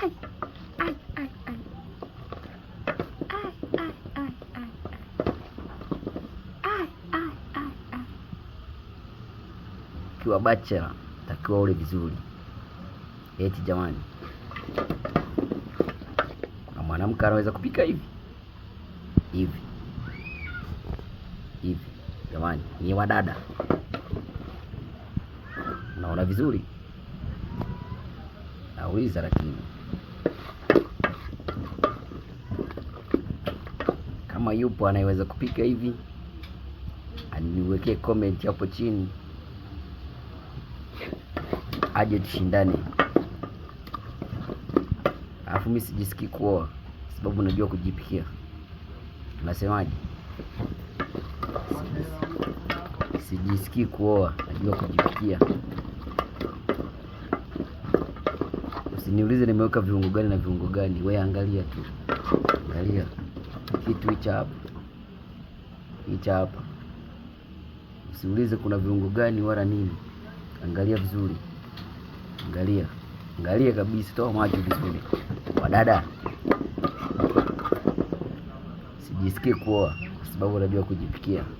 Ay, Ukiwa bachela takiwa ule vizuri. Eti jamani, na mwanamke anaweza kupika hivi hivi hivi? Jamani, ni wadada, naona vizuri nauliza lakini kama yupo anayeweza kupika hivi aniwekee comment hapo chini, aje tushindane. Alafu mimi sijisikii kuoa, sababu najua kujipikia. Unasemaje? Sijisikii kuoa, najua kujipikia. Usiniulize nimeweka viungo gani na viungo gani, we angalia tu, angalia kitu hicha hapa, hicha hapa. Usiulize kuna viungo gani wala nini, angalia vizuri, angalia angalia kabisa, toa macho vizuri. Wadada sijisikie kuoa kwa sababu unajua kujipikia.